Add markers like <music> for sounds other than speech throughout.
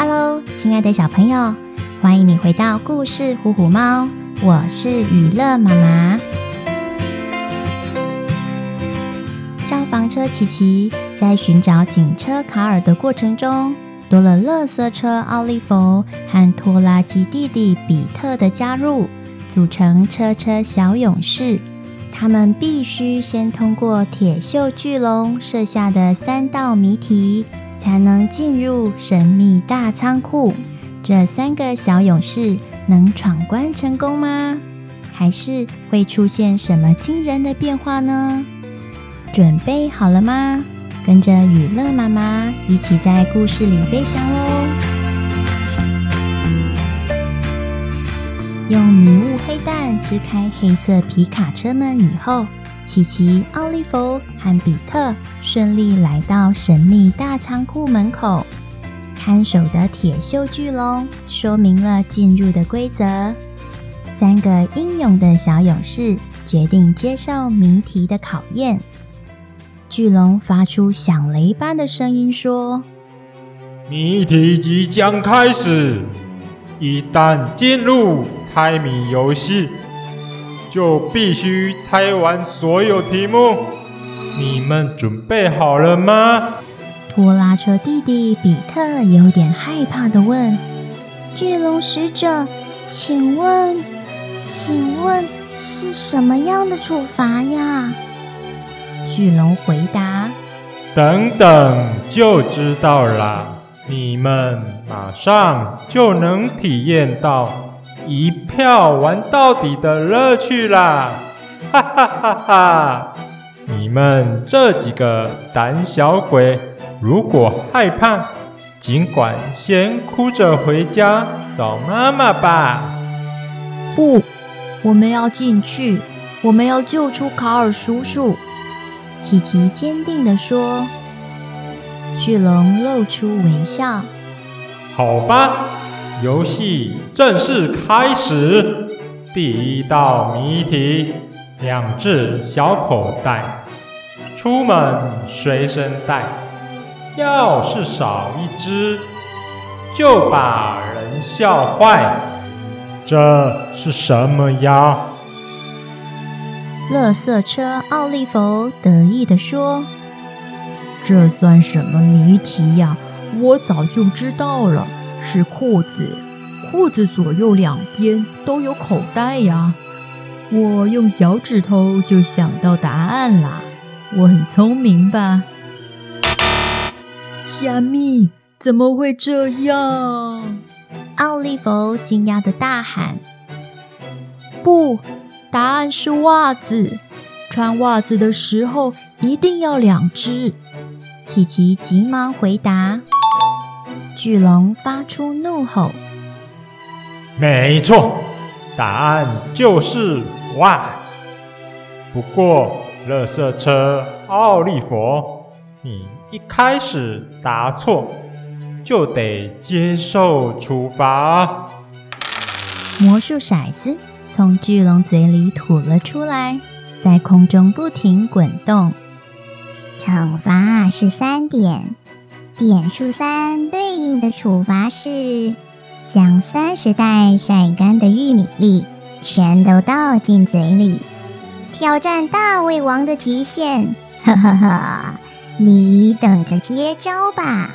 Hello，親愛的小朋友，歡迎你回到故事《虎虎貓》。我是予樂媽媽。消防車奇奇在尋找警車卡爾的過程中，多了垃圾車奧利佛和拖拉機弟弟比特的加入，組成車車小勇士。他們必須先通過鐵鏽巨龍設下的三道謎題。才能進入神秘大倉庫。這三個小勇士能闖關成功嗎？還是會出現什麼驚人的變化呢？準備好了嗎？跟着予樂媽媽一起在故事裡飛翔嘍！用迷霧黑蛋支開黑色皮卡車門以後。奇奇、奧利佛和比特順利來到神秘大倉庫門口，看守的鐵鏽巨龍說明了進入的規則。三個英勇的小勇士決定接受謎題的考驗。巨龍發出響雷般的聲音說：“謎題即將開始，一旦進入猜謎遊戲。”就必須猜完所有題目。你們準備好了嗎？拖拉車弟弟比特有點害怕地問：“巨龍使者，請問，請問是什麼樣的處罰呀？”巨龍回答：“等等就知道啦，你們馬上就能體驗到。”一票玩到底的樂趣啦！哈哈哈哈！你們這幾個膽小鬼，如果害怕，儘管先哭着回家找媽媽吧。不，我們要進去，我們要救出卡爾叔叔。奇奇堅定地說。巨龍露出微笑。好吧。遊戲正式開始，第一道謎題：兩隻小口袋，出門隨身帶，要是少一隻，就把人笑壞。這是什麼呀？垃圾車奧利佛得意地說：“這算什麼謎題呀、啊？我早就知道了。”是褲子，褲子左右兩邊都有口袋呀。我用小指頭就想到答案啦，我很聰明吧？蝦米怎麼會這樣？奧利佛驚訝地大喊：“不，答案是襪子。穿襪子的時候一定要兩隻。”奇奇急忙回答。巨龍發出怒吼。沒錯，答案就是襪子。不過，垃圾車奧利佛，你一開始答錯，就得接受處罰。魔術骰子從巨龍嘴裡吐了出來，在空中不停滾動。懲罰是三點。點數三對應的處罰是將三十袋曬乾的玉米粒全都倒進嘴裡，挑戰大胃王的極限。哈哈哈！你等着接招吧！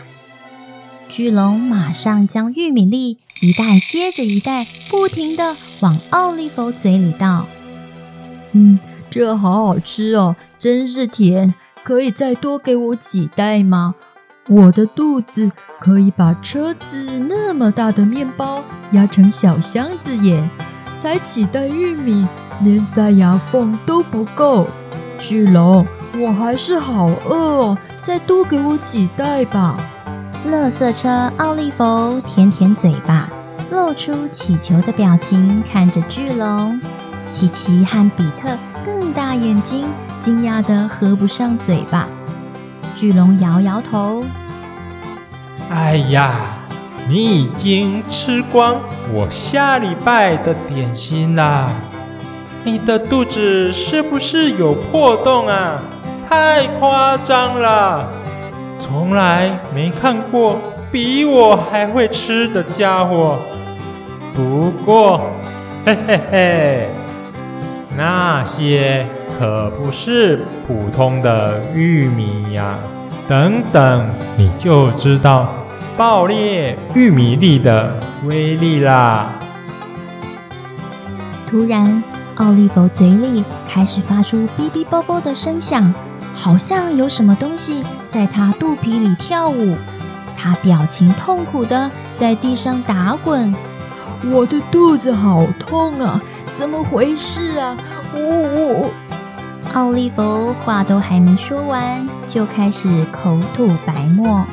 巨龍馬上將玉米粒一袋接着一袋不停地往奧利佛嘴裡倒。嗯，這好好吃哦，真是甜！可以再多給我幾袋嗎？我的肚子可以把車子那麼大的麵包壓成小箱子耶，才幾袋玉米，連塞牙縫都不夠。巨龍，我還是好餓哦，再多給我幾袋吧。垃圾車奧利佛舔舔嘴巴，露出乞求的表情，看着巨龍。奇奇和比特瞪大眼睛，驚訝的合不上嘴巴。巨龍搖搖頭。哎呀，你已經吃光我下禮拜的點心啦！你的肚子是不是有破洞啊？太誇張了！從來沒看過比我還會吃的家伙。不過，嘿嘿嘿，那些。可不是普通的玉米呀！啊，等等，你就知道爆裂玉米粒的威力啦。突然，奧利佛嘴裡開始發出嗶嗶啵啵的聲響，好像有什麼東西在他肚皮裡跳舞。他表情痛苦地在地上打滾，我的肚子好痛啊！怎麼回事啊？嗚嗚嗚！奧利佛話都還沒說完，就開始口吐白沫。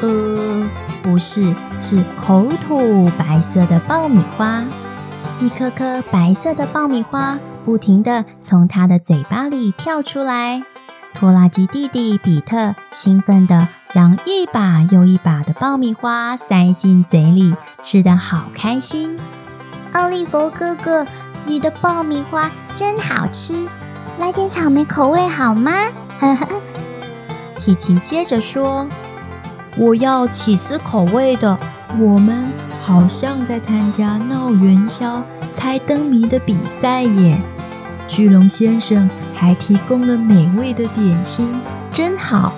呃，不是，是口吐白色的爆米花。一顆顆白色的爆米花不停地從他的嘴巴裡跳出來。拖拉機弟弟比特興奮地將一把又一把的爆米花塞進嘴裡，吃得好開心。奧利佛哥哥，你的爆米花真好吃。來點草莓口味好嗎？ <laughs> 琪琪接着說：“我要起司口味的。我們好像在參加鬧元宵猜燈謎的比賽耶。”巨龍先生還提供了美味的點心，真好。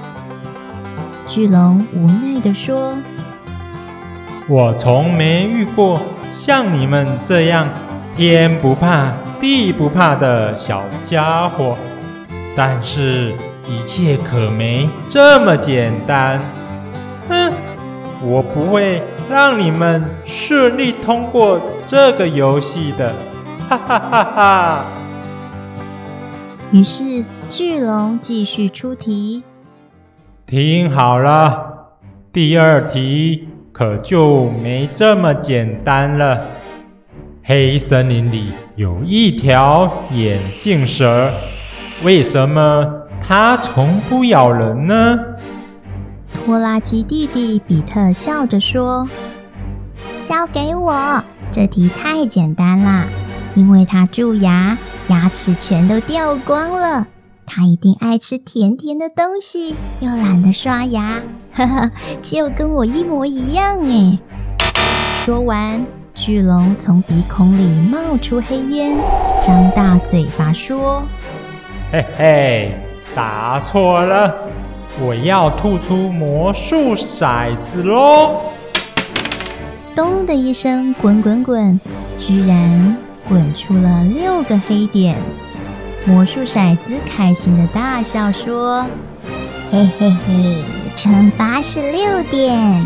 巨龍無奈地說：“我從沒遇過像你們這樣天不怕。”地不怕的小家伙，但是一切可沒這麼簡單。哼、嗯，我不會讓你們順利通過這個遊戲的。哈哈哈哈！於是巨龍繼續出題。聽好了，第二題可就沒這麼簡單了。黑森林裡有一條眼鏡蛇，為什麼它從不咬人呢？拖拉機弟弟比特笑着說：“交給我，這題太簡單啦！因為它蛀牙，牙齒全都掉光了。它一定愛吃甜甜的東西，又懶得刷牙，呵呵，就跟我一模一樣哎、欸！”說完。巨龍從鼻孔裡冒出黑煙，張大嘴巴說：“嘿嘿，答錯了！我要吐出魔術骰子嘍！”咚的一聲，滾滾滾，居然滾出了六個黑點。魔術骰子開心的大笑說：“嘿嘿嘿，乘八十六點，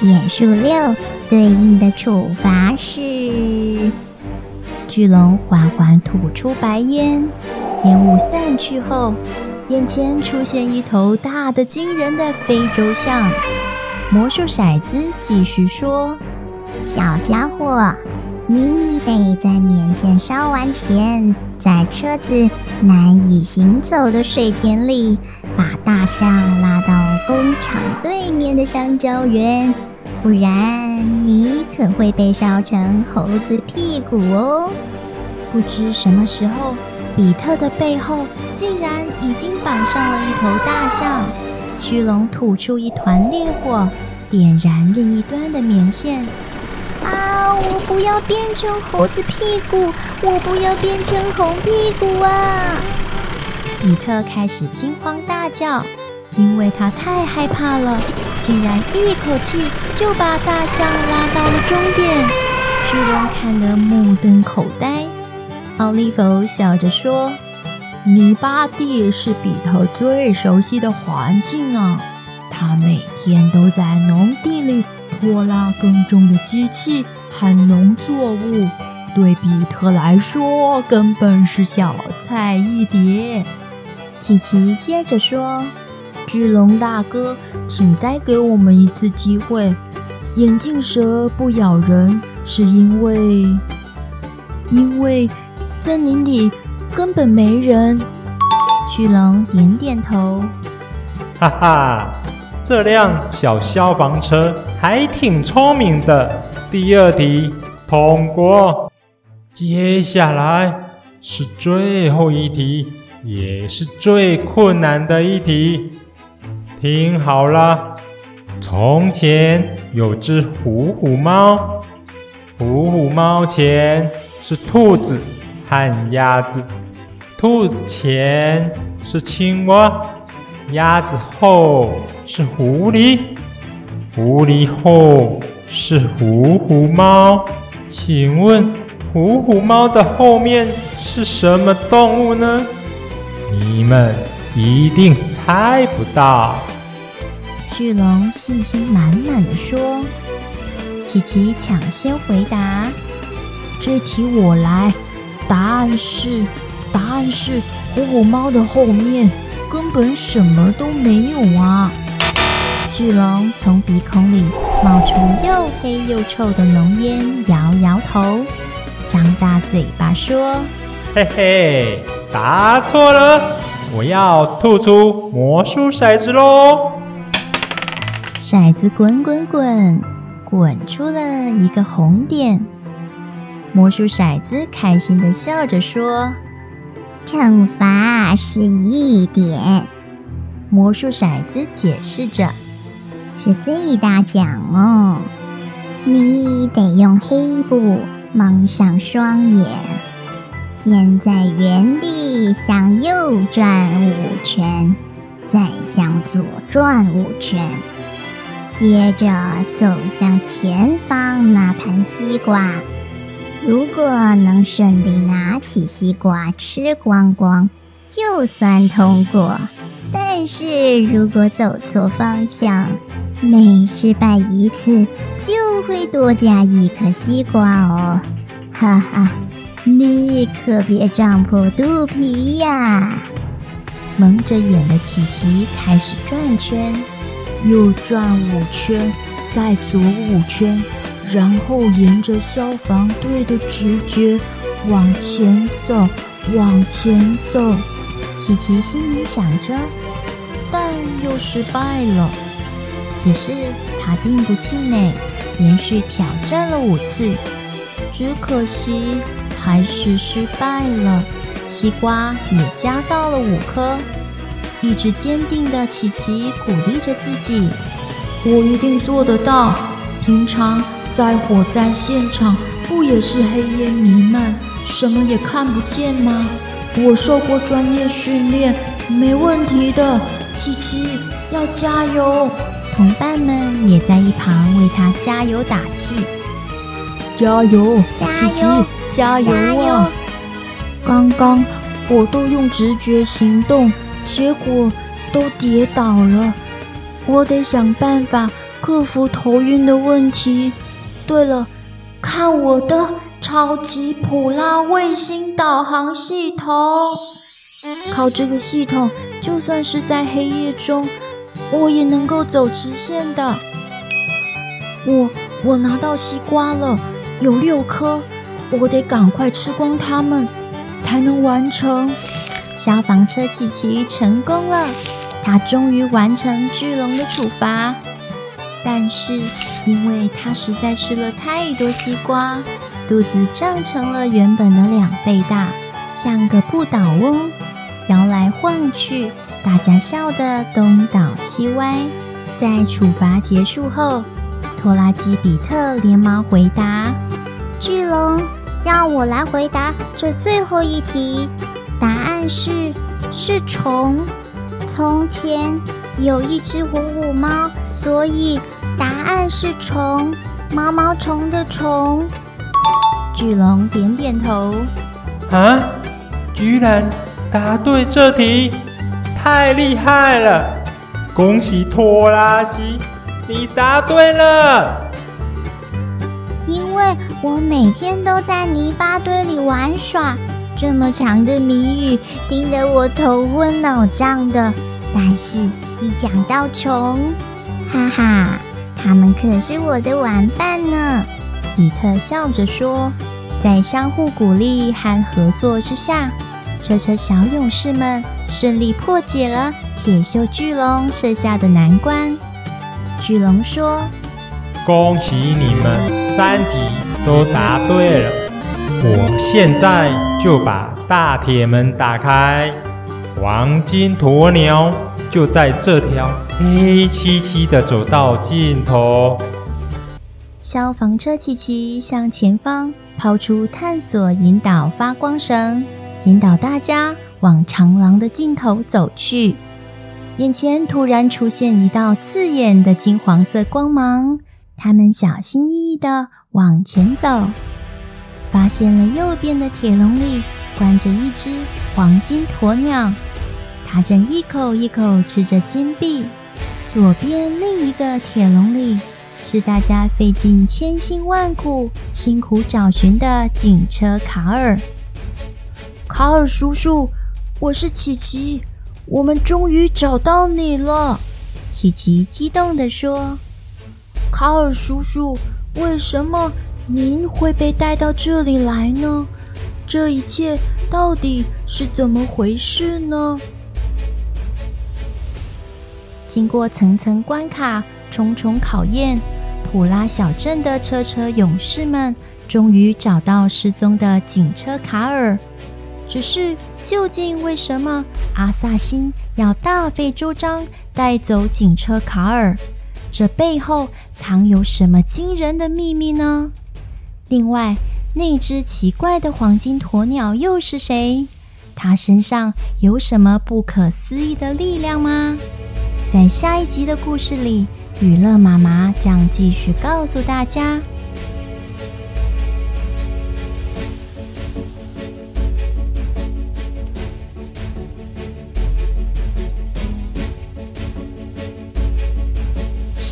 點數六。”對應的處罰是：巨龍緩緩緩吐出白煙，煙霧散去後，眼前出現一頭大得驚人的非洲象。魔術骰子繼續說：“小傢伙，你得在棉線燒完前，在車子難以行走的水田裡，把大象拉到工廠對面的香蕉園。”不然你可會被燒成猴子屁股哦！不知什麼時候，比特的背後竟然已經綁上了一頭大象。巨龍吐出一團烈火，點燃另一端的棉線。啊！我不要變成猴子屁股！我不要變成紅屁股啊！比特開始驚慌大叫，因為他太害怕了，竟然一口氣。又把大象拉到了終點，巨龍看得目瞪口呆。奧利弗笑着說：“泥巴地是比特最熟悉的環境啊，他每天都在農地裡拖拉耕種的機器，和農作物，對比特來說根本是小菜一碟。”琪琪接着說。巨龍大哥，請再給我們一次機會。眼鏡蛇不咬人，是因為因為森林裡根本沒人。巨龍點點頭，哈哈，這輛小消防車還挺聰明的。第二題通過，接下來是最後一題，也是最困難的一題。聽好了，從前有隻虎虎貓，虎虎貓前是兔子和鴨子，兔子前是青蛙，鴨子後是狐狸，狐狸後是虎虎貓。請問虎虎貓的後面是什麼動物呢？你們。一定猜不到！巨龍信心滿滿的說：“奇奇搶先回答，這題我來。答案是，答案是虎虎貓的後面根本什麼都沒有啊！”巨龍從鼻孔裡冒出又黑又臭的濃煙，搖搖頭，張大嘴巴說：“嘿嘿，答錯了。”我要吐出魔術骰子嘍！骰子滾滾滾，滾出了一個紅點。魔術骰子開心地笑着說：“懲罰是一點。”魔術骰子解釋着：“是最大獎哦，你得用黑布蒙上雙眼。”先在原地向右轉五圈，再向左轉五圈，接着走向前方那盤西瓜。如果能順利拿起西瓜吃光光，就算通過。但是如果走錯方向，每失敗一次就會多加一顆西瓜哦。哈哈。你可別脹破肚皮呀、啊！矇着眼的琪琪開始轉圈，又轉五圈，再左五圈，然後沿着消防隊的直覺往前走，往前走。琪琪心裡想着，但又失敗了。只是他並不氣餒，連續挑戰了五次，只可惜。還是失敗了，西瓜也加到了五顆。意志堅定的奇奇鼓勵着自己：“我一定做得到！平常在火災現場不也是黑煙瀰漫，什麼也看不見嗎？我受過專業訓練，沒問題的。奇奇要加油！”同伴們也在一旁為他加油打氣：“加油，加油，奇奇！”加油啊，加油！剛剛我都用直覺行動，結果都跌倒了。我得想辦法克服頭暈的問題。對了，看我的超級普拉衛星導航系統，靠這個系統，就算是在黑夜中，我也能夠走直線的。我我拿到西瓜了，有六顆。我得趕快吃光它們，才能完成。消防車奇奇成功了，他終於完成巨龍的處罰。但是，因為他實在吃了太多西瓜，肚子脹成了原本的兩倍大，像個不倒翁，搖來晃去。大家笑得東倒西歪。在處罰結束後，拖拉機比特連忙回答：巨龍。讓我來回答這最後一題，答案是是蟲。從前有一隻虎虎貓，所以答案是蟲，毛毛蟲的蟲。巨龍點點頭，啊，居然答對這題，太厲害了！恭喜拖拉機，你答對了。我每天都在泥巴堆裡玩耍，這麼長的謎語聽得我頭昏腦脹的。但是，一講到蟲，哈哈，他們可是我的玩伴呢。比特笑着說，在相互鼓勵和合作之下，車車小勇士們順利破解了鐵鏽巨龍設下的難關。巨龍說：“恭喜你們！”三題都答對了，我現在就把大鐵門打開。黃金鴕鳥就在這條黑漆漆的走道盡頭。消防車奇奇向前方拋出探索引導發光繩，引導大家往長廊的盡頭走去。眼前突然出現一道刺眼的金黃色光芒。他們小心翼翼的往前走，發現了右邊的鐵籠裡關着一隻黃金鴕鳥，它正一口一口吃着金幣。左邊另一個鐵籠裡是大家費盡千辛萬苦辛苦找尋的警車卡爾。卡爾叔叔，我是奇奇，我們終於找到你了！奇奇激動地說。卡爾叔叔，為什麼您會被帶到這裡來呢？這一切到底是怎麼回事呢？經過層層關卡、重重考驗，普拉小鎮的車車勇士們終於找到失蹤的警車卡爾。只是，究竟為什麼阿薩辛要大費周章帶走警車卡爾？這背後藏有什麼驚人的秘密呢？另外，那隻奇怪的黃金鴕鳥又是誰？它身上有什麼不可思議的力量嗎？在下一集的故事裡，予樂媽媽將繼續告訴大家。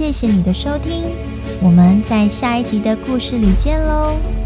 謝謝你的收聽，我們在下一集的故事裡見嘍。